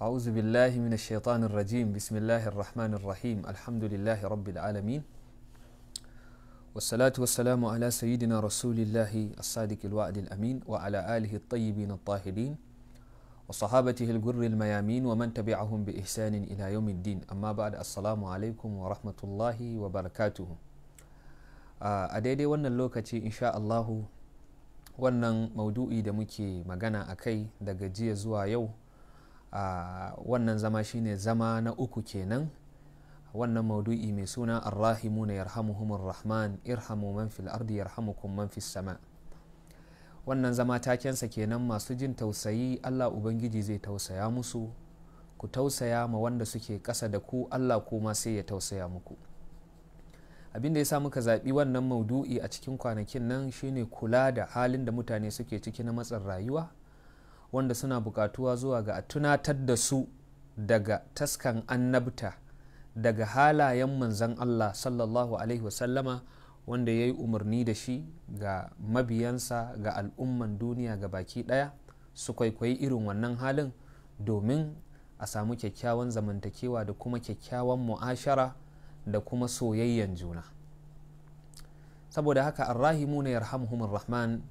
أعوذ بالله من الشيطان الرجيم بسم الله الرحمن الرحيم الحمد لله رب العالمين والصلاة والسلام على سيدنا رسول الله الصادق الوعد الأمين وعلى آله الطيبين الطاهرين وصحابته الجر الميامين ومن تبعهم بإحسان إلى يوم الدين أما بعد السلام عليكم ورحمة الله وبركاته أديدي وانا اللوكة إن شاء الله wannan maudu'i da muke magana a kai daga jiya zuwa yau wannan zama shine zama na uku kenan wannan maudu'i mai suna arrahimu na yarhamuhumur rahman irhamu man fil ardi yarhamukum man fis sama wannan zama takensa kenan masu jin tausayi Allah ubangiji zai tausaya musu ku tausaya ma wanda suke ƙasa da ku Allah kuma sai ya tausaya muku abin da ya sa muka zaɓi wannan maudu'i a cikin kwanakin nan shine kula da halin da mutane suke ciki na matsin rayuwa wanda suna bukatuwa zuwa ga a tunatar da su daga taskan annabta daga halayen manzan Allah sallallahu alaihi wasallama wanda ya yi umarni da shi ga mabiyansa ga al'umman duniya ga baki ɗaya su kwaikwayi irin wannan halin domin a samu kyakkyawan zamantakewa da kuma kyakkyawan mu'ashara da kuma soyayyen juna saboda haka arrahimu ne yarhamhumur rahman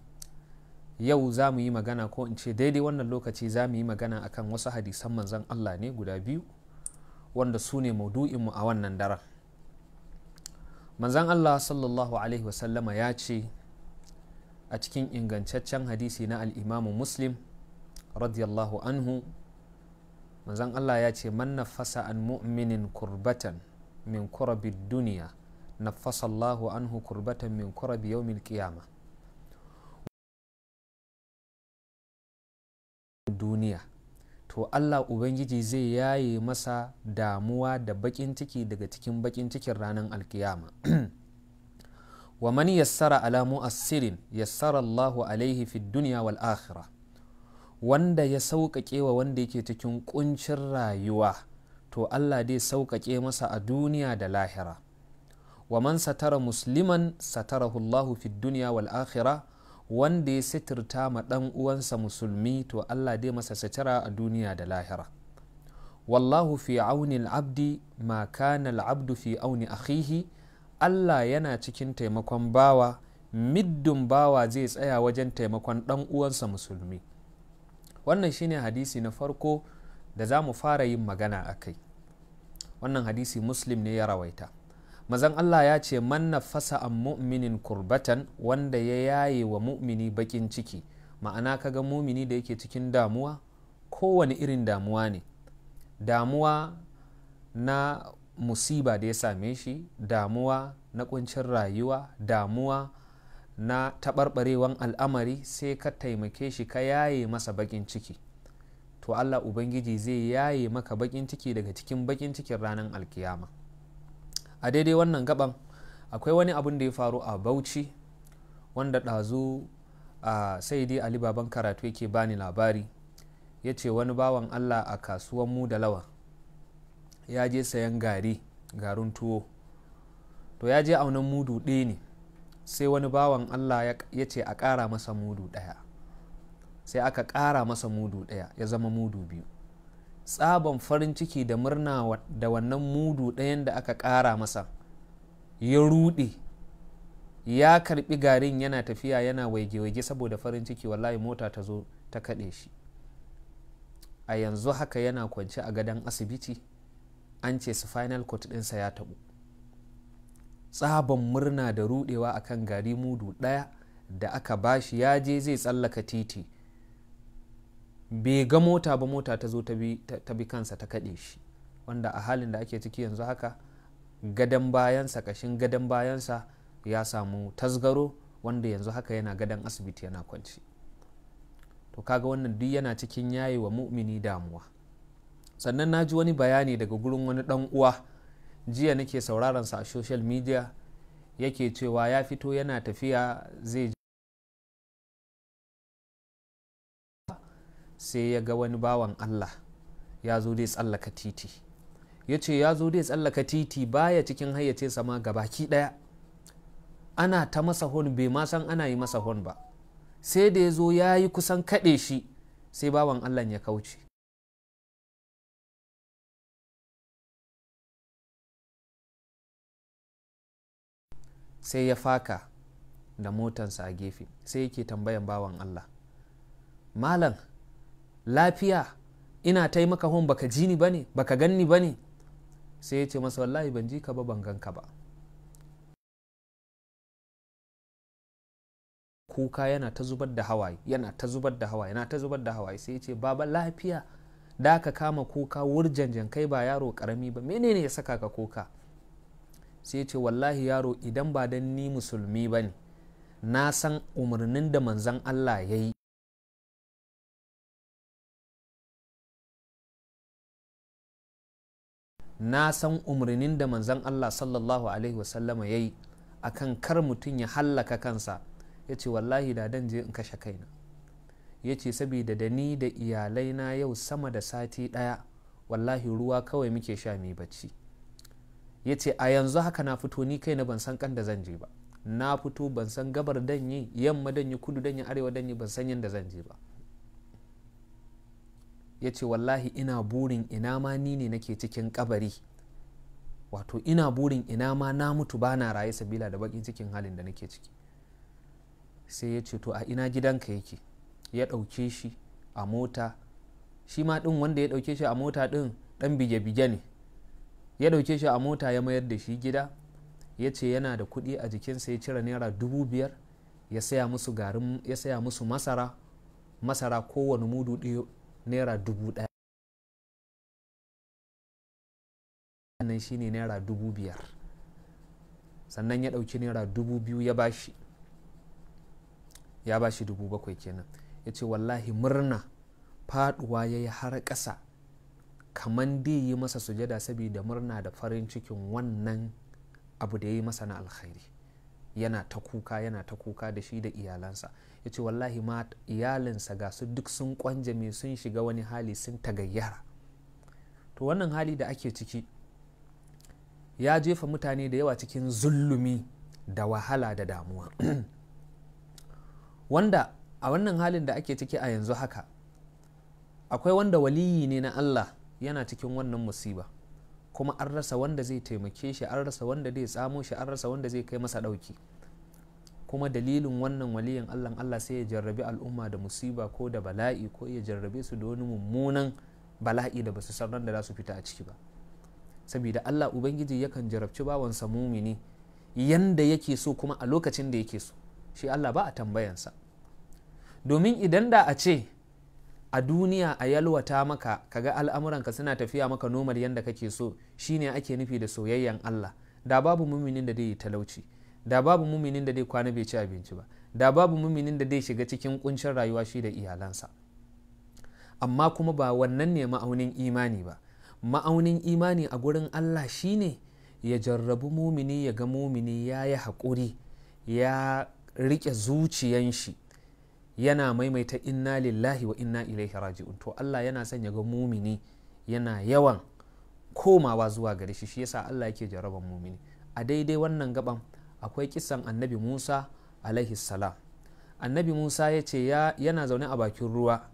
yau za mu yi magana ko in ce daidai wannan lokaci za mu yi magana akan wasu hadisan manzan Allah ne guda biyu wanda su ne maudu'inmu a wannan daren manzan Allah sallallahu alaihi wasallama ya ce a cikin ingantaccen hadisi na al'imamu muslim radiyallahu anhu manzan Allah ya ce man nafasa an mu'minin kurbatan min kurabi duniya nafasa anhu kurbatan min kurabi yawmin kiyama. duniya to Allah Ubangiji zai yaye masa damuwa da bakin ciki daga cikin bakin cikin ranar alkiyama wa man yassara alamu asirin yassara Allahu alaihi fi duniya wal akhirah wanda ya sauƙaƙe wa wanda yake cikin ƙuncin rayuwa to Allah dai sauƙaƙe masa a duniya da lahira wa man satara musliman satarahu Allahu fi duniya wal akhirah wanda ya sitirta ma dan uwansa musulmi to Allah dai masa satara a duniya da lahira wallahu fi auni abdi ma kana al'abdu fi auni akhihi Allah yana cikin taimakon bawa middin bawa zai tsaya wajen taimakon dan uwansa musulmi wannan shine hadisi na farko da zamu fara yin magana a kai wannan hadisi muslim ne ya rawaita mazan Allah ya ce manna fasa an mu'minin kurbatan wanda ya yaye wa mu'mini bakin ciki ma'ana kaga mumini da yake cikin damuwa kowane irin damuwa ne damuwa na musiba da ya same shi damuwa na kuncin rayuwa damuwa na taɓarɓarewan al'amari sai ka taimake shi ka yaye masa bakin ciki to allah ubangiji zai yaye maka bakin ciki daga cikin bakin cikin ranar alkiyama a daidai wannan gaban akwai wani abun da ya faru a bauchi wanda ɗazu a sai dai ali baban karatu yake bani labari ya ce wani bawan allah a kasuwan mu da lawa ya je sayan gari garin tuwo to ya je aunan mudu ɗaya ne sai wani bawan allah ya ce a ƙara masa mudu ɗaya sai aka ƙara masa mudu ɗaya ya zama mudu biyu tsaban farin ciki da murna da wannan mudu ɗayan da aka ƙara masa ya ruɗe ya karbi garin yana tafiya yana waige-waige saboda farin ciki wallahi mota ta zo ta kaɗe shi a yanzu haka yana kwance a gadon asibiti an ce su final court ɗinsa ya taɓu tsaban murna da ruɗewa akan gari mudu ɗaya da aka bashi ya je zai tsallaka titi bai ga mota ba mota ta zo ta bi kansa ta kaɗe shi wanda a halin da ake ciki yanzu haka gadon bayansa kashin gadon bayansa ya samu tasgaro wanda yanzu haka yana gadon asibiti yana kwanci to kaga wannan duk yana cikin yayi wa mu'mini damuwa sannan na ji wani bayani daga gurin wani ɗan uwa jiya nake sauraron sa a social media yake cewa ya fito yana tafiya zai sai ya ga wani bawan Allah ya zo dai tsallaka titi ya ce ya zo dai tsallaka titi baya cikin hayyace sama baki daya ana ta masa hon bai ma san ana yi masa hon ba sai da ya zo ya yi kusan kaɗe shi sai bawan Allah ya kauce sai ya faka da motansa a gefe sai yake tambayan bawan Allah malam lafiya ina ta maka hon baka ji ni bane baka ganni bane sai ya ce masa wallahi ban ji ka ba ban ganka ba kuka yana ta zubar da hawaye yana ta zubar da hawaye yana ta zubar da hawaye sai ya ce baba lafiya da ka kama kuka wurjanjan kai ba yaro karami ba menene ya saka ka kuka sai ya ce wallahi yaro idan ba dan ni musulmi bane na san umarnin da manzan Allah ya yi na san umarnin da manzan Allah sallallahu alaihi wasallama ya yi a kan kar mutum ya hallaka kansa ya ce wallahi da dan je in kashe kaina ya ce saboda da ni da iyalaina yau sama da sati ɗaya wallahi ruwa kawai muke sha mai bacci ya ce a yanzu haka na fito ni kaina ban san kan da zan je ba na fito ban san gabar danyi yamma danyi kudu danyi arewa danyi ban san yanda zan je ba ya ce wallahi ina burin ina ma ni ne nake cikin kabari wato ina burin ina ma na mutu ba na raye sabila da bakin cikin halin da nake ciki sai ya ce to a ina gidanka yake ya ɗauke shi a mota shi ma ɗin wanda ya ɗauke shi a mota ɗin ɗan bige-bige ne ya ɗauke shi a mota ya mayar da shi gida ya ce yana da kuɗi a jikinsa ya cire naira dubu biyar ya saya musu garin ya saya musu masara masara kowane mudu naira dubu ɗaya sannan shine naira dubu biyar sannan ya ɗauki naira dubu biyu ya bashi ya bashi dubu bakwai kenan ya ce wallahi murna faɗuwa ya yi har ƙasa kaman dai yi masa sujada saboda murna da farin cikin wannan abu da ya yi masa na alkhairi yana ta kuka yana ta kuka da shi da iyalansa ya ce wallahi ma iyalinsa ga su duk sun kwanjame sun shiga wani hali sun tagayyara to wannan hali da ake ciki ya jefa mutane da yawa cikin zullumi da wahala da damuwa wanda a wannan halin da ake ciki a yanzu haka akwai wanda waliyi ne na allah yana cikin wannan musiba kuma an rasa wanda zai taimake shi an rasa wanda zai tsamo shi an rasa wanda zai kai masa ɗauki kuma dalilin wannan waliyin allah allah sai ya jarrabi al'umma da musiba ko da bala'i ko ya jarrabe su da wani mummunan bala'i da basu san da za su fita a ciki ba saboda allah ubangiji yakan jarabci bawansa mumini yanda yake so kuma a lokacin da yake so shi allah ba a tambayansa domin idan da a ce a duniya a yalwata maka kaga al'amuranka suna tafiya maka nomar yadda kake so shine ake nufi da soyayyan Allah da babu muminin da zai talauci da babu muminin da zai kwana bai ci abinci ba da babu muminin da zai shiga cikin kuncin rayuwa shi da iyalansa amma kuma ba wannan ne ma'aunin imani ba ma'aunin imani a gurin Allah shine ya jarrabu mumini ya ga mumini ya yi haƙuri ya riƙe zuciyan shi yana maimaita inna lillahi wa inna ilaihi raji'un to Allah yana son ya ga mumini yana yawan komawa zuwa gare shi shi yasa Allah yake jaraban mumini a daidai wannan gaban akwai kisan annabi Musa alaihi salam annabi Musa ya ce yana zaune a bakin ruwa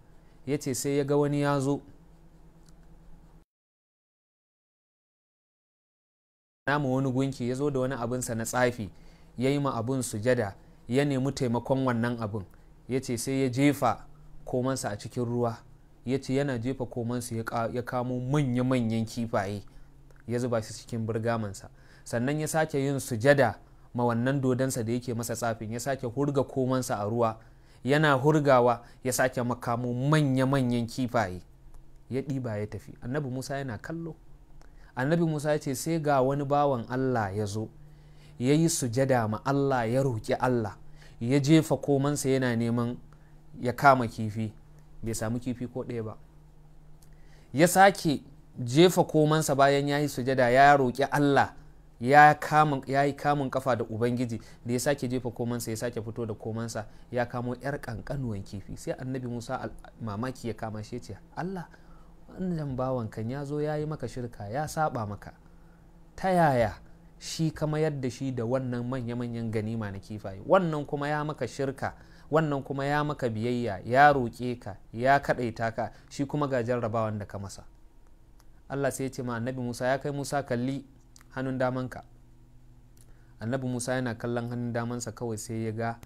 ya ce sai ya ga wani ya zo namu wani gunki ya zo da wani abinsa na tsafi ya yi ma abin sujada ya nemi taimakon wannan abin ya ce sai ya jefa komansa a cikin ruwa ya ce yana jefa komansa ya kamo manya-manyan kifaye ya zuba shi cikin burgamansa. sannan ya sake yin sujada ma wannan dodonsa da yake masa tsafin ya sake hurga komansa a ruwa yana hurgawa ya sake makamo manya-manyan kifaye ya ɗiba ya tafi annabi musa yana kallo annabi musa ya ce sai ga wani bawan allah ya zo ya yi sujada ma allah ya roƙi allah ya jefa komansa yana neman ya kama kifi bai samu kifi ko ɗaya ba ya sake jefa komansa bayan ya yi sujada ya roƙi Allah ya yi kamun kafa da ubangiji da ya sake jefa komansa ya sake fito da komansa ya kamo yar ƙanƙanuwan kifi sai annabi musa mamaki ya kama shi ce allah wannan bawan kan ya zo ya yi maka shirka ya saba maka ta yaya shi kama yadda shi da wannan manya-manyan ganima na kifaye wannan kuma ya maka shirka wannan kuma ya maka biyayya ya roƙe ka ya kaɗaita ka shi kuma ga jarrabawan da ka masa allah sai ya ce ma annabi musa ya kai musa kalli hannun damanka annabi musa yana kallon hannun damansa kawai sai ya ga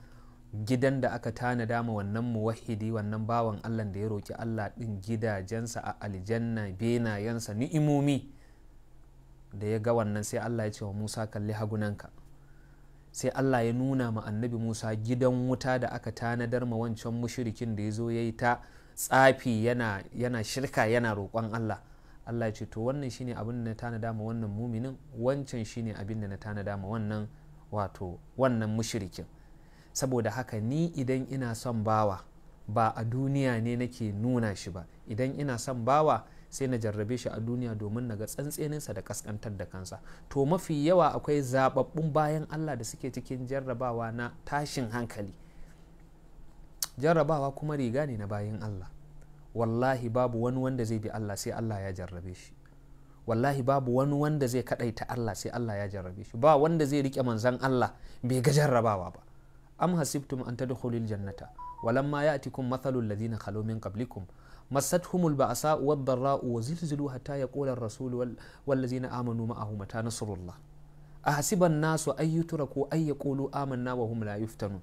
gidan da aka tanada dama wannan muwahidi wannan bawan allah da ya roƙi allah ɗin gidajensa a aljanna benayensa ni'imomi da ya ga wannan sai Allah ya ce wa Musa kalli hagunanka sai Allah ya nuna ma annabi Musa gidan wuta da aka tanadar ma wancan mushirikin da ya zo ya yi ta tsafi yana, yana shirka yana roƙon Allah Allah ya ce to wannan shine abin da na tanada ma wannan muminin wancan shine abin da na tanada ma wannan wato wannan mushirikin saboda haka ni idan ina son bawa ba a duniya ne nake nuna shi ba idan ina son bawa sai na jarrabe shi a duniya domin na ga tsantseninsa da kaskantar da kansa to mafi yawa akwai zababbun bayan allah da suke cikin jarrabawa na tashin hankali jarrabawa kuma riga ne na bayan allah wallahi babu wani wanda zai bi allah sai allah ya jarrabe shi wallahi babu wani wanda zai kadaita allah sai allah ya jarrabe shi ba wanda zai rike manzan allah bai ga jarrabawa ba am hasibtum an tadkhulul jannata walamma ya'tikum mathalul ladina khalu min qablikum masathumul ba'sa wad-dharra'u wa zilzilu hatta yaqula ar-rasul wal ladina amanu ma'ahu mata nasrullah ahasiban nasu yutraku ay yaqulu amanna wa hum la yuftanun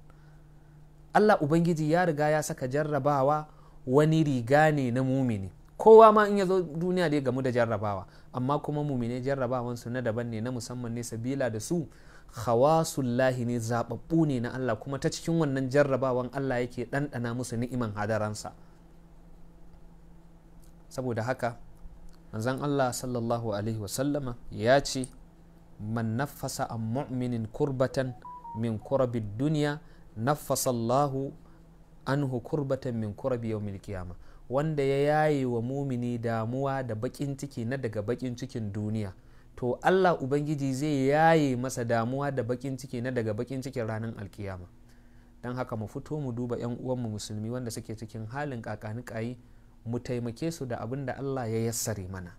Allah ubangiji ya riga ya saka jarrabawa wani riga ne na mumini kowa ma in ya zo duniya dai gamu da jarrabawa amma kuma mumine jarrabawansu na daban ne na musamman ne sabila da su khawasullahi ne zababbu ne na Allah kuma ta cikin wannan jarrabawan Allah yake ɗanɗana musu ni'iman hadaransa saboda haka manzon Allah sallallahu alaihi wasallama ya ce man naffasa an mu'minin kurbatan min kurabi duniya naffasa Allahu anhu kurbatan min kurabi yau kiyama wanda ya yaye wa mumini damuwa da baƙin ciki na daga bakin cikin duniya to Allah Ubangiji zai yaye masa damuwa da bakin ciki na daga bakin cikin ranar alkiyama don haka mu fito mu duba 'yan uwanmu musulmi wanda suke cikin halin kakanikayi mu taimake su da abin da Allah ya yassare mana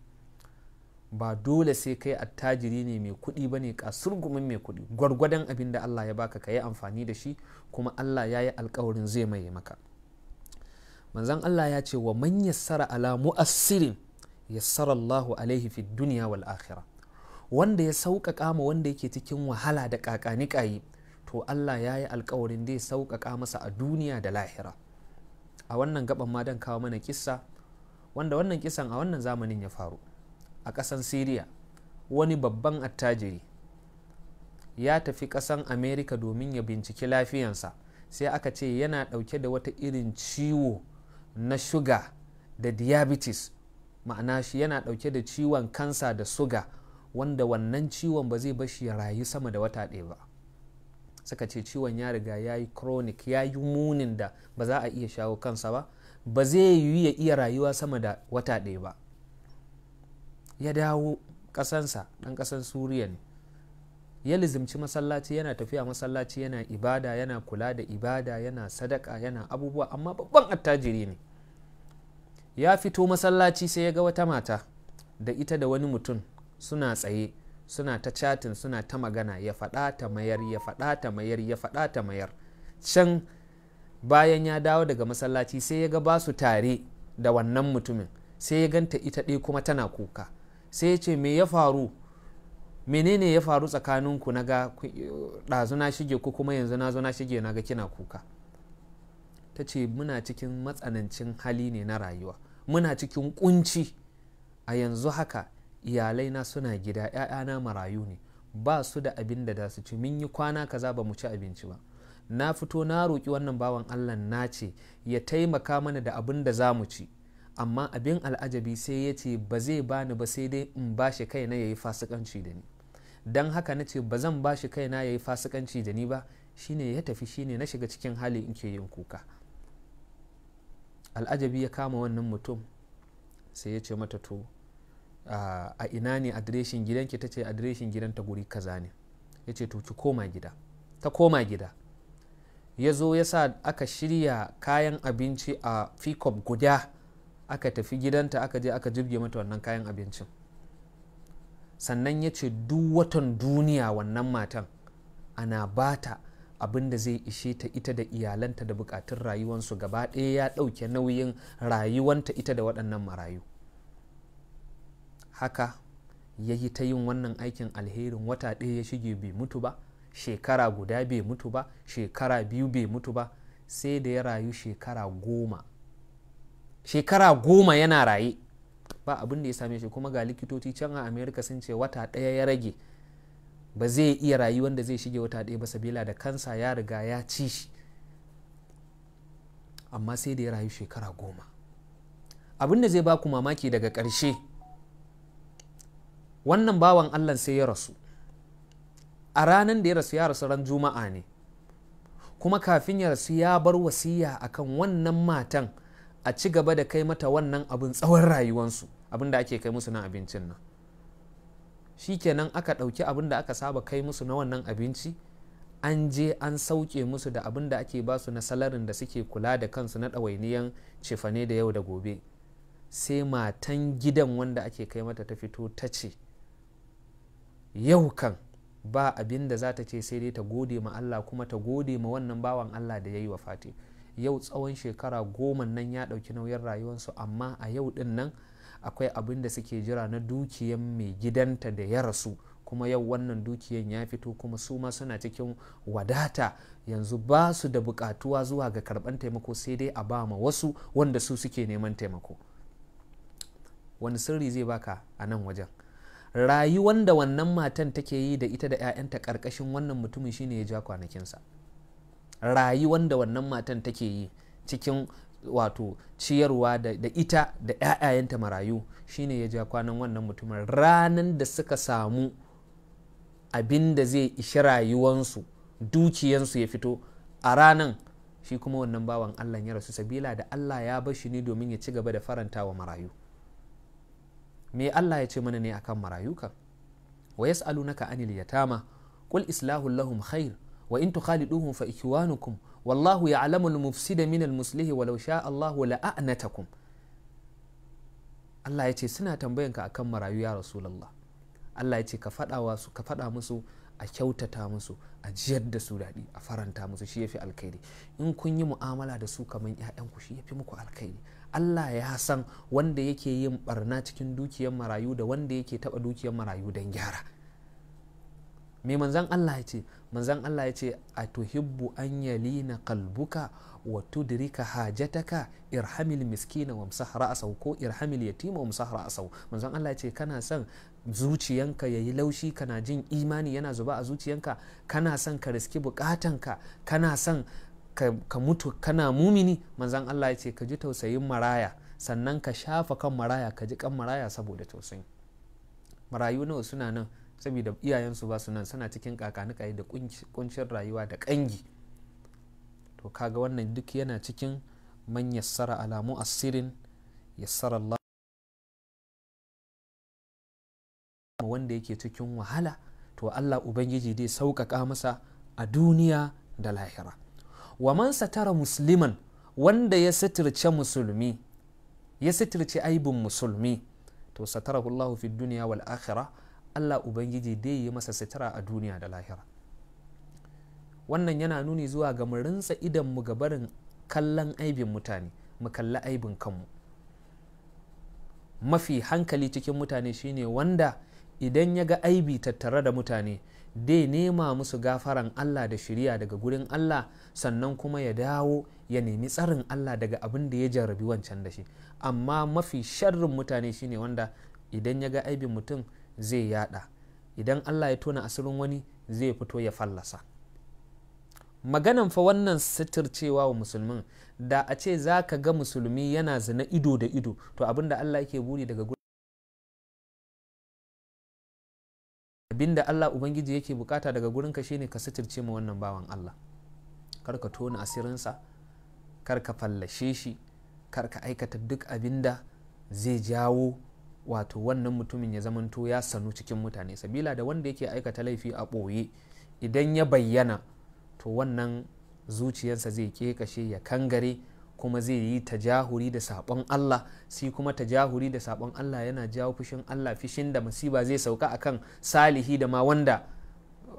ba dole sai kai attajiri ne mai kuɗi ba ne kasurgumin mai kuɗi gwargwadon abin da Allah ya baka ka yi amfani da shi kuma Allah ya yi alkawarin zai maye maka manzan Allah ya ce wa man yassara ala mu'assirin yassara Allahu alaihi fi duniya wal akhirah wanda ya sauƙaƙa ma wanda yake cikin wahala da ƙaƙani to Allah ya yi alƙawarin da ya sauƙaƙa masa a duniya da lahira a wannan gaban ma dan kawo mana kissa wanda wannan kisan a wannan zamanin ya faru a ƙasan siriya wani babban attajiri ya tafi ƙasan amerika domin ya binciki lafiyansa sai aka ce yana ɗauke da wata irin ciwo na shuga da diabetes ma'ana shi yana ɗauke da ciwon kansa da suga wanda wannan ciwon ba zai bashi ya rayu sama da wata ɗaya ba suka ce ciwon ya riga ya yi chronic ya yi munin da ba za a iya shawo kansa ba ba zai yi ya iya rayuwa sama da wata ɗaya ba ya dawo ƙasansa ɗan ƙasan suriya ne ya lizimci masallaci yana tafiya masallaci yana ibada yana kula da ibada yana sadaka yana abubuwa amma babban attajiri ne ya fito masallaci sai ya ga wata mata da ita da wani mutum suna tsaye suna ta chatin suna ta magana ya faɗa ta mayar ya faɗa ta mayar ya faɗa ta mayar can bayan ya dawo daga masallaci sai ya ga ba su tare da wannan mutumin sai ya ganta ita ɗaya kuma tana kuka sai ya ce me ya faru menene ya faru tsakaninku na ga ɗazu na shige ku kuma yanzu na zo na shige na ga kina kuka ta ce muna cikin matsanancin hali ne na rayuwa muna cikin kunci a yanzu haka iyalai na suna gida 'ya'yana marayu ne ba su da abin da za su ci mun yi kwana kaza ba mu ci abinci ba na fito na roƙi wannan bawan allah na ce ya taimaka mana da abin da za mu ci amma abin al'ajabi sai ya ce ba zai bani ba sai dai in ba shi kaina ya yi fasikanci da ni don haka na ce ba zan ba shi kaina ya yi fasikanci da ni ba shine ya tafi shine na shiga cikin hali in ke yin kuka al'ajabi ya kama wannan mutum sai ya ce mata to a ina ne adireshin gidanki ta ce adireshin ta guri kaza ne ya ce to ki koma gida ta koma gida ya zo ya sa aka shirya kayan abinci a fikop guda aka tafi gidanta aka je aka jirge mata wannan kayan abincin sannan ya ce duk watan duniya wannan matan ana bata abin da zai ishe ta ita da iyalanta da bukatun rayuwansu gaba ɗaya ya ɗauke nauyin rayuwanta ita da waɗannan marayu haka ya yi ta yin wannan aikin alherin wata ɗaya ya shige bai mutu ba shekara guda bai mutu ba shekara biyu bai mutu ba sai da ya rayu shekara goma shekara goma yana raye ba abin da ya same shi kuma ga likitoci can a america sun ce wata ɗaya ya rage ba zai iya rayu wanda zai shige wata ɗaya ba sabila da kansa ya riga ya ci shi amma sai da ya rayu shekara goma abin da zai ba ku mamaki daga ƙarshe wannan bawan allah sai ya rasu a ranar da ya rasu ya rasu ran juma'a ne kuma kafin ya rasu ya bar wasiya akan wannan matan a ci gaba da kai mata wannan abin tsawon rayuwansu abin da ake kai musu na abincin nan shikenan aka ɗauki abin da aka saba kai musu na wannan abinci an je an sauke musu da abin da ake ba su na salarin da suke kula da kansu na ɗawainiyan cefane da yau da gobe sai matan gidan wanda ake kai mata ta fito ta ce yau kan ba abin da za ta ce sai dai ta gode ma Allah kuma ta gode ma wannan bawan Allah da ya yi wa fati yau tsawon shekara goma nan ya ɗauki nauyin rayuwarsu amma a yau ɗin nan akwai abin da suke jira na dukiyan mai gidanta da ya rasu kuma yau wannan dukiyan ya fito kuma su ma suna cikin wadata yanzu ba su da buƙatuwa zuwa ga karɓan taimako sai dai a ba ma wasu wanda su suke neman taimako wani sirri zai baka a nan wajen rayuwan da wannan matan take yi da ita da 'ya'yanta karkashin wannan mutumin shine ya ja kwanakinsa rayuwan da wannan matan take yi cikin wato ciyarwa da, ita da 'ya'yayanta marayu shine ya ja kwanan wannan mutumin ranan da suka samu abin da zai ishi rayuwansu dukiyansu ya fito a ranan shi kuma wannan bawan allah ya rasu sabila da allah ya bar shi ne domin ya ci gaba da faranta wa marayu me Allah ya ce mana ne akan marayuka wa naka anil yatama qul islahu lahum khair wa in tukhaliduhum fa ikwanukum wallahu ya'lamu al-mufsida min al-muslihi walau sha Allahu la'anatakum Allah ya ce suna tambayanka akan marayu ya rasulullah Allah ya ce ka faɗa su ka fada musu a kyautata musu a jiyar da su daɗi a faranta musu shi yafi alkhairi in kun yi mu'amala da su kamar 'ya'yanku shi yafi muku alkhairi Allah ya san wanda yake yin barna cikin dukiyar marayu da wanda yake taɓa dukiyar marayu don gyara me manzan Allah ya ce manzan Allah ya ce a tuhibbu an na kalbuka wa tudrika hajataka irhamil miskina wa musahara asau ko irhamil yatima wa musahara asau manzan Allah ya ce kana san zuciyanka ya yi laushi kana jin imani yana zuba a zuciyanka kana san ka riski bukatanka kana san. ka mutu kana mumini manzan Allah ya ce ka ji tausayin maraya sannan ka shafa kan maraya ka ji kan maraya saboda tausayi marayu nawa suna nan saboda iyayensu ba su nan suna cikin kakanikaye da kuncin rayuwa da kangi to kaga wannan duk yana cikin man yassara alamu asirin yassara Allah wanda yake cikin wahala to Allah ubangiji zai sauƙaƙa masa a duniya da lahira wa man satara musliman wanda ya sitirce musulmi ya sitirce aibin musulmi to satara Allahu fi duniya wal akhirah Allah ubangiji dai yi masa sitara a duniya da lahira wannan yana nuni zuwa ga rinsa idan mu ga barin kallon aibin mutane mu kalli aibin kanmu mafi hankali cikin mutane shine wanda idan ya ga aibi tattare da mutane dai nema musu gafaran Allah da shiriya daga gurin Allah sannan kuma ya dawo ya nemi tsarin Allah daga abin da ya jarabi wancan da shi amma mafi sharrin mutane shine wanda idan ya ga aibin mutum zai yada idan Allah ya tona asirin wani zai fito ya fallasa maganan fa wannan cewa wa musulmin da a ce za ka ga musulmi yana zina ido da ido to abin da Allah yake buri daga da Allah ubangiji yake bukata daga gurin ka shine ka suturce ma wannan bawan Allah kar ka tona asirinsa kar ka fallashe shi kar ka aikata duk abinda zai jawo wato wannan mutumin ya zamanto ya sanu cikin mutane sabila da wanda yake aikata laifi a ɓoye idan ya bayyana to wannan zuciyarsa zai kekashe ya kangare kuma zai yi tajahuri da sabon Allah si kuma tajahuri da sabon Allah yana jawo fushin Allah fishin da masiba zai sauka akan salihi da ma wanda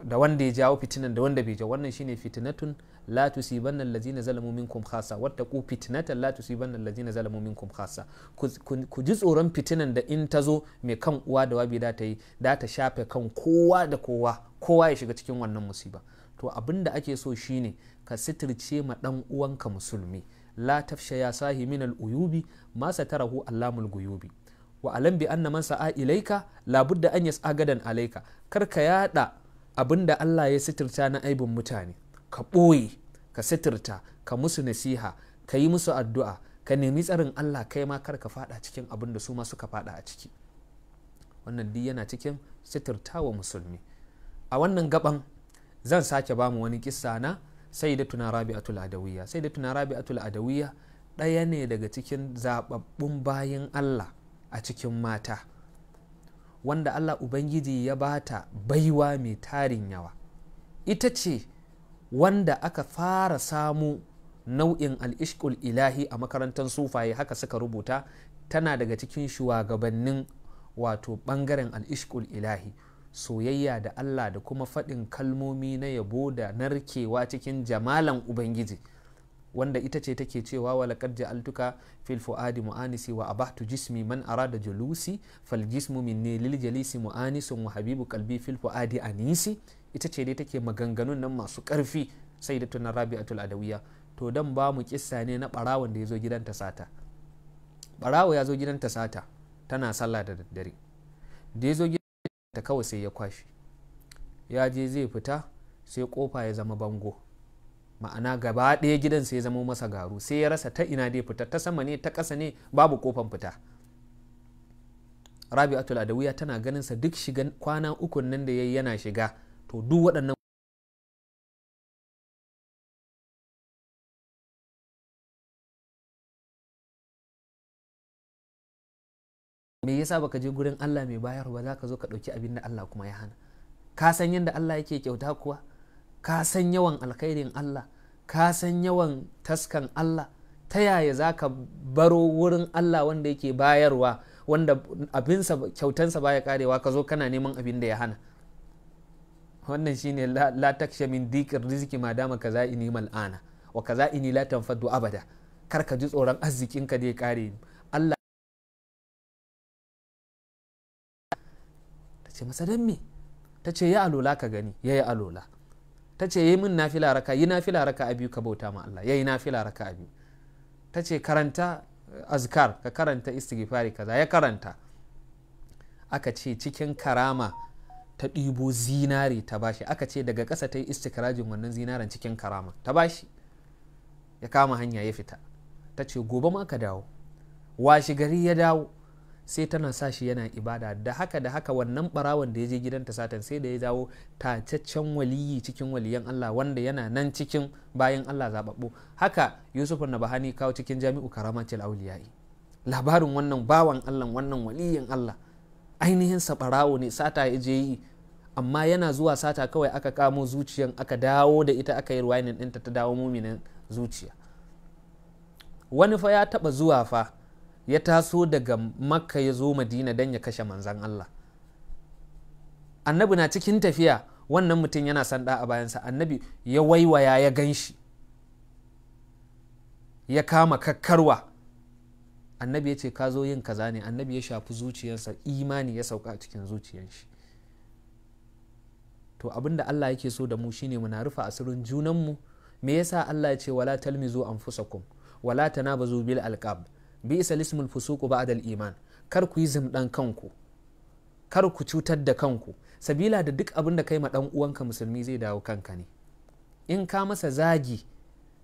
da wanda ya jawo fitinan da wanda bai jawo wannan shine fitinatun la tusibanna allazina zalamu minkum khassa ku fitnatan la tusibanna allazina zalamu minkum khassa ku ji tsoron fitinan da in ta zo mai kan uwa da wabi da ta yi da ta shafe kan kowa da kowa kowa ya shiga cikin wannan musiba to abinda ake so shine ka sitirce ma dan uwanka musulmi la tafsha ya sahi min al-uyubi ma satarahu alamul guyubi wa alam bi anna man sa'a ilaika labudda an agadan gadan alaika kar ka yada da Allah ya sitirta na aibin mutane ka ɓoye ka sitirta ka musu nasiha ka yi musu addu'a ka nemi tsarin Allah kai ma kar ka fada cikin abin da su ma suka fada a ciki wannan duk yana cikin sitirta wa musulmi a wannan gaban zan sake bamu wani kisa na sayyidatuna rabi'atul adawiyya sayyidatuna rabi'atul adawiyya ɗaya ne daga cikin zababbun bayan Allah a cikin mata wanda Allah ubangiji ya bata baiwa mai tarin yawa ita ce wanda aka fara samu nau'in al'ishkul ilahi a makarantar sufaye haka suka rubuta tana daga cikin shugabannin wato bangaren al'ishkul ilahi soyayya da Allah da kuma faɗin kalmomi na yabo da narkewa cikin jamalan Ubangiji wanda ita ce take cewa wa laqad ja'altuka fil fuadi mu'anisi wa abahtu jismi man arada julusi fal jismu minni lil jalisi mu'anisun wa habibu kalbi fil fuadi anisi ita ce dai take maganganun nan masu ƙarfi sai da tunan rabi'atul adawiya to dan ba mu kissa ne na barawon da ya zo gidanta sata barawo ya zo gidanta sata tana sallah da daddare da ta kawai sai ya kwashe ya je zai fita sai kofa ya zama bango ma'ana gaba ɗaya gidan sai ya zama masa garu sai ya rasa ta ina dai fita ta sama ne ta ƙasa ne babu kofan fita rabi'atul adawiya tana ganin sa duk shiga kwana ukun nan da yayi yana shiga to duk waɗannan me yasa baka je gurin Allah mai bayar ba za ka zo ka ɗauki abin da Allah kuma ya hana ka san yadda Allah yake kyauta kuwa ka san yawan alkhairin Allah ka san yawan taskan Allah ta yaya za ka baro wurin Allah wanda yake bayarwa wanda abinsa kyautansa baya karewa ka zo kana neman abin da ya hana wannan shine la takshe min dikir riziki ma dama kaza mal'ana wa kaza ini la tanfaddu abada kar ka ji tsoron arzikin ka dai kare sai masa dan me ta ce ya alola ka gani ya yi alola ta ce yi min nafila raka yi nafila raka a biyu ka bauta ma Allah ya yi nafila raka a biyu ta ce karanta eh, azkar ka karanta istighfari kaza ya karanta aka ce cikin karama ta ɗibo zinari ta bashi aka ce daga ƙasa ta yi istikrajin wannan zinaren cikin karama ta bashi ya kama hanya ya fita ta ce gobe ma ka dawo washi gari ya dawo sai tana sa shi yana ibada da haka da haka wannan barawan da ya je gidanta satan sai da ya dawo tacaccen waliyi cikin waliyan Allah wanda yana nan cikin bayan Allah zababbo haka Yusuf na bahani kawo cikin Jami'u Karamatul Auliyai labarin wannan bawan Allah wannan waliyin Allah ainihin sa barawo ne sata ya je yi amma yana zuwa sata kawai aka kamo zuciyan aka dawo da ita aka yi ruwayin ɗinta ta dawo muminin zuciya wani fa ya taɓa zuwa fa ya taso daga makka ya zo madina don ya kashe manzan Allah annabi na cikin tafiya wannan mutum yana sanda a bayansa annabi ya waiwaya ya gan shi ya kama kakkarwa annabi ya ce ka zo yin kaza ne annabi ya shafi zuciyarsa imani ya sauka cikin zuciyar shi to abinda Allah yake so da mu shine muna rufe asirin junanmu me yasa Allah ya ce wala talmizu anfusakum wala tanabazu bil alqab bi isa lismul fusuku iman kar ku yi zimdan kanku kar ku cutar da kanku sabila da duk abin da kai ma dan uwanka musulmi zai dawo kanka ne in ka masa zagi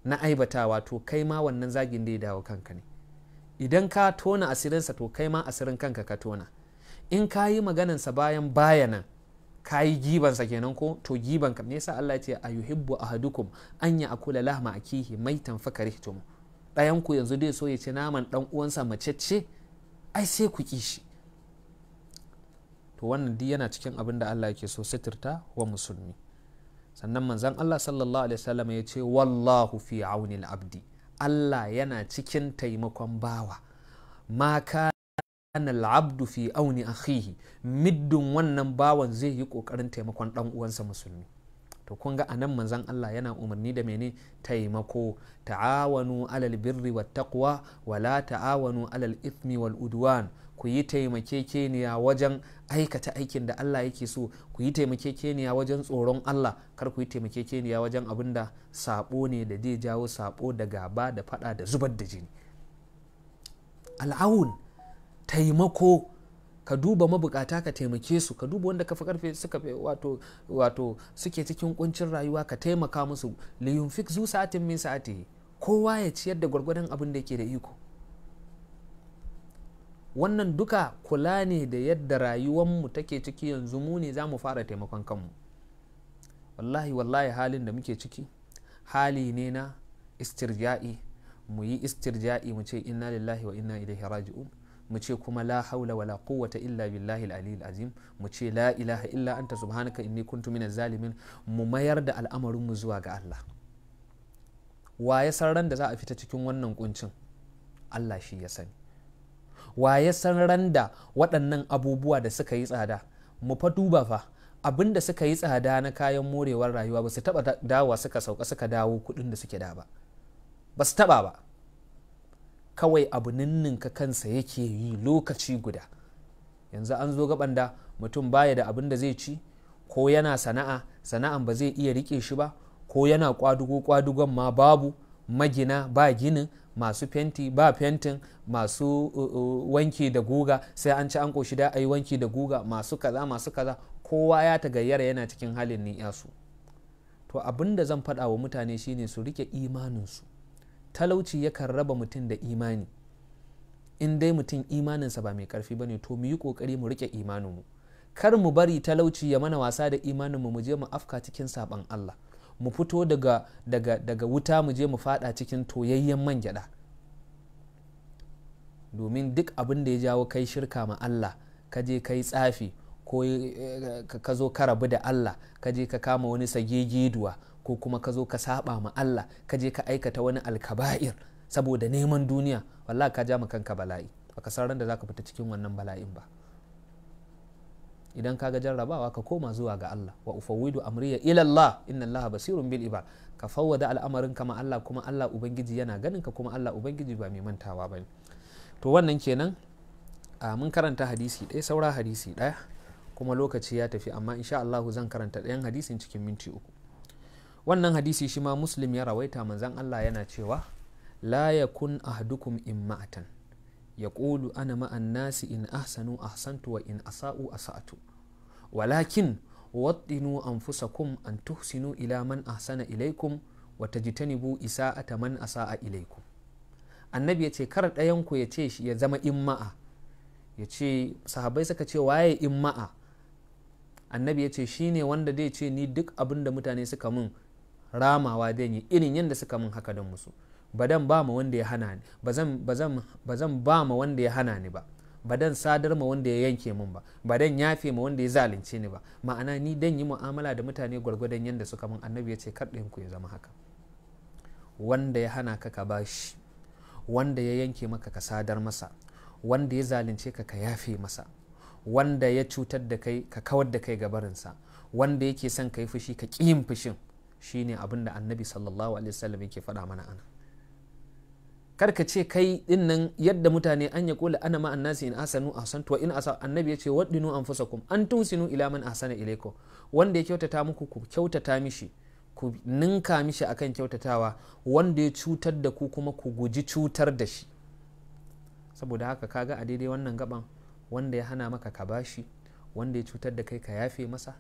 na aibatawa to kai ma wannan zagin da ya dawo kanka ne idan ka tona asirinsa to kai ma asirin kanka ka tona in ka yi maganansa bayan bayanan ka yi gibansa kenan ko to giban ka ne yasa Allah ya ce ayuhibbu ahadukum an ya akula lahma akihi maitan fakarihtum ɗayan ku yanzu dai so ya ci naman ɗan uwansa mace ce ai sai ku ki shi to wannan duk yana cikin abin da Allah yake so sitirta wa musulmi sannan manzan Allah sallallahu alaihi wasallam ya ce wallahu fi auni abdi Allah yana cikin taimakon bawa ma kana Abdu fi auni akhihi middin wannan bawan zai yi kokarin taimakon dan uwansa musulmi to kun ga anan manzon Allah yana umarni da mene taimako ta'awanu alal birri wat taqwa wa la ta'awanu alal ithmi wal udwan ku yi taimakekeniya wajen aikata aikin da Allah yake so ku yi taimakekeniya wajen tsoron Allah kar ku yi taimakekeniya wajen abin da sabo ne da zai jawo sabo da gaba da fada da zubar da jini al'awun taimako ka duba mabukata ka taimake su ka duba wanda kafa karfe suka wato wato suke cikin kuncin rayuwa ka taimaka musu liyun fik zu sa'atin min sa'ati kowa ya ciyar da gwargwadon abin da yake da iko wannan duka kula ne da yadda rayuwanmu take ciki yanzu mu ne za mu fara taimakon kanmu wallahi wallahi halin da muke ciki hali ne na istirja'i mu yi istirja'i mu ce inna lillahi wa inna ilaihi raji'un mu ce kuma la haula wala quwwata illa billahi al azim mu ce la ilaha illa anta subhanaka inni kuntu minaz zalimin mu mayar da al'amarin mu zuwa ga Allah waye san ran da za a fita cikin wannan kuncin Allah shi ya sani waye san ran da waɗannan abubuwa da suka yi tsada mu fa duba fa abin da suka yi tsada na kayan morewar rayuwa ba su taɓa dawa suka sauka suka dawo kuɗin da suke da ba ba su taɓa ba kawai abu ninninka kansa yake yi lokaci guda yanzu an zo gaban da mutum baya da abin da zai ci ko yana sana'a sana'an ba zai iya rike shi ba ko yana kwadugo kwadugon ma babu magina ba ginin masu fenti ba fentin masu uh, uh, wanki da guga sai an ci an koshi da ayi wanki da guga masu kaza masu kaza kowa ya ta gayyara yana cikin halin niyasu to abin da zan faɗa wa mutane shine su rike imaninsu talauci yakan raba mutum da imani in dai mutum imaninsa ba mai karfi ba ne to mu yi kokari mu rike mu kar mu bari talauci ya mana wasa da imanin mu je mu afka cikin saban Allah mu fito daga, daga, daga wuta mu je mu fada cikin toyayyen man gyada domin duk abin da ya jawo kai shirka ma Allah ka je kai tsafi ko eh, ka zo ka da Allah ka je ka kama wani sagegeduwa ko kuma ka zo ka saba ma Allah ka je ka aikata wani alkaba'ir saboda neman duniya wallahi ka ja kanka bala'i ka san ran da zaka fita cikin wannan bala'in ba idan ka ga jarrabawa ka koma zuwa ga Allah wa ufawwidu amriya ila Allah inna Allah basirun bil ibad ka fawwada al'amarin kama Allah kuma Allah ubangiji yana ganin ka kuma Allah ubangiji ba mai mantawa bane to wannan kenan ah, mun karanta hadisi ɗaya saura hadisi ɗaya kuma lokaci ya tafi amma insha Allah zan karanta ɗayan hadisin cikin minti uku wannan hadisi shi ma muslim ya rawaita manzan allah yana cewa la yakun ahdukum ya ƙulu ana ma'an nasi in ahsanu ahsantu wa in asa'u sa'atu walakin waɗinu fusa anfusakum an tuhsinu ila man ahsana ilaikum wa jitanibu isa'ata man asa'a ilaikum annabi ya ce kar ɗayanku ku ya ce shi ya zama ma'a ya ce sahabai suka ce waye in ma'a annabi ya ce shine wanda zai ce ni duk abin da mutane suka mun ramawa dan yi irin yadda suka mun haka don musu ba ba ma wanda ya hana ni ba zan ba ma wanda ya hana ni ba ba dan sadar ma wanda ya yanke min ba ba dan yafe ma wanda ya zalunce ni ba ma'ana ni dan yi mu'amala da mutane gwargwadon yadda suka mun annabi ya ce kar ku ya zama haka wanda ya hana ka ka bashi wanda ya yanke maka ka sadar masa wanda ya zalunce ka ka yafe masa wanda ya cutar da kai ka kawar da kai gabarinsa wanda yake son ka yi fushi ka ƙi yin fushin shine abin da annabi sallallahu alaihi wasallam yake faɗa mana ana karka ce kai dinnan yadda mutane an ya kula ana ma annasi in asanu ahsantu wa in asa annabi ya ce waddinu anfusakum an tusinu ila man ahsana ilaykum wanda ya kyautata muku ku kyautata mishi ku ninka mishi akan kyautatawa wanda ya cutar da ku kuma ku guji cutar da shi saboda haka kaga a daidai wannan gaban wanda ya hana maka ka bashi wanda ya cutar da kai ka yafe masa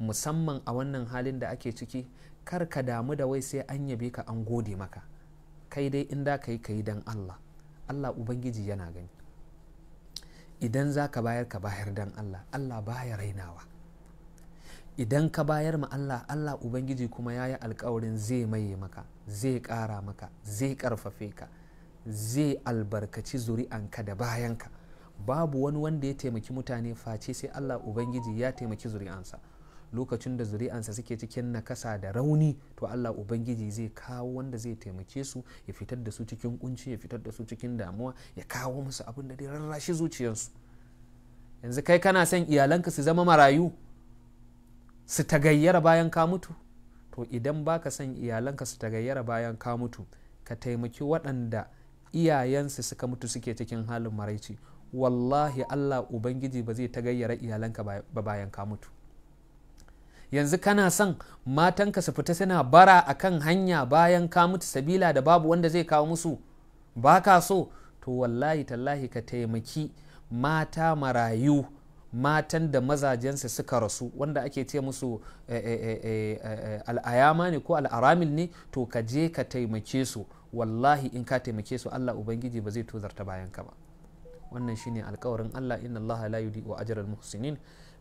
musamman a wannan halin da ake ciki kar ka damu da wai sai an yabe ka an gode maka kai dai in da ka yi ka yi don allah allah ubangiji yana gani idan za ka bayar ka bayar dan allah allah baya rainawa idan ka bayar ma allah allah ubangiji kuma ya yi alkawarin zai maye maka zai ƙara maka zai ƙarfafe ka zai albarkaci zuri'anka da bayanka babu wani wanda ya taimaki mutane face sai allah ubangiji ya taimaki zuri'ansa lokacin da zuri'ansa suke cikin nakasa da rauni to Allah ubangiji zai kawo wanda zai taimake su ya fitar da su cikin kunci ya fitar da su cikin damuwa ya kawo musu abin da rarrashi zuciyarsu yanzu kai kana son iyalanka su zama marayu su tagayyara bayan ka mutu to idan baka son iyalanka su tagayyara bayan ka mutu ka taimaki waɗanda iyayensu suka mutu suke cikin halin maraici wallahi allah ubangiji ba zai tagayyara iyalanka ba bayan ka mutu yanzu kana son matanka su fita suna bara a kan hanya bayan ka mutu sabila da babu wanda zai kawo musu ba ka so to wallahi tallahi ka taimaki mata marayu matan da mazajensu suka rasu wanda ake ce musu eh, eh, eh, al'ayama ne ko al'aramil ne to ka je ka taimake su wallahi in ka taimake su Allah ubangiji ba zai tozarta bayan ka ba wannan shine alkawarin Allah inna Allah la yudi wa ajral muhsinin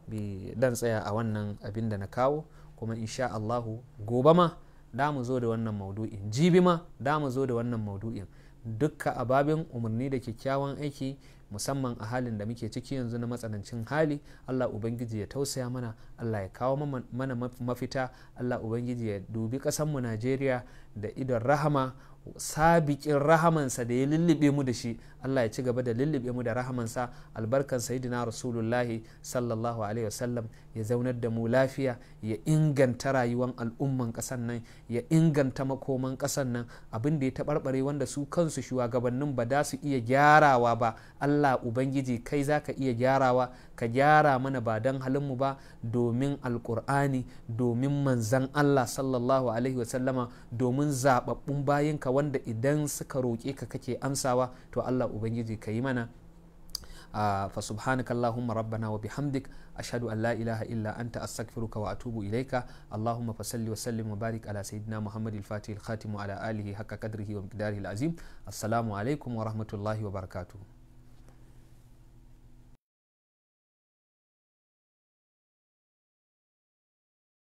bi dan tsaya a wannan abin da na kawo kuma insha Allahu gobe ma da mu zo da wannan maudu'in jibi ma da mu zo da wannan maudu'in dukka ababin umarni da kyakkyawan aiki musamman a halin da muke ciki yanzu na matsanancin hali allah ubangiji ya tausaya mana allah ya kawo mana mafita allah ubangiji ya dubi mu najeriya da idon rahama Sabikin rahamansa da ya lullube mu da shi Allah ya ci gaba da lullube mu da rahamansa albarkan sayyidina rasulullahi sallallahu alaihi wasallam ya zaunar da mu lafiya ya inganta rayuwar al'umman kasan nan ya inganta makoman kasan nan abin da ya taɓarɓare wanda su kansu shugabannin ba da su iya gyarawa ba Allah ubangiji kai zaka iya gyarawa ka gyara mana ba don halinmu ba domin alkur'ani domin manzan Allah sallallahu alaihi wasallama domin zaɓaɓɓun bayinka wanda idan suka roƙe ka kake amsawa to Allah ubangiji ka yi mana fa subhanaka allahumma rabbana wa bihamdik ashhadu an la ilaha illa anta astaghfiruka wa atubu ilaika allahumma fa salli wa sallim wa barik ala sayyidina muhammad al-fatih al-khatim ala alihi haqqa qadrihi wa miqdarihi al-azim assalamu alaikum wa rahmatullahi wa barakatuh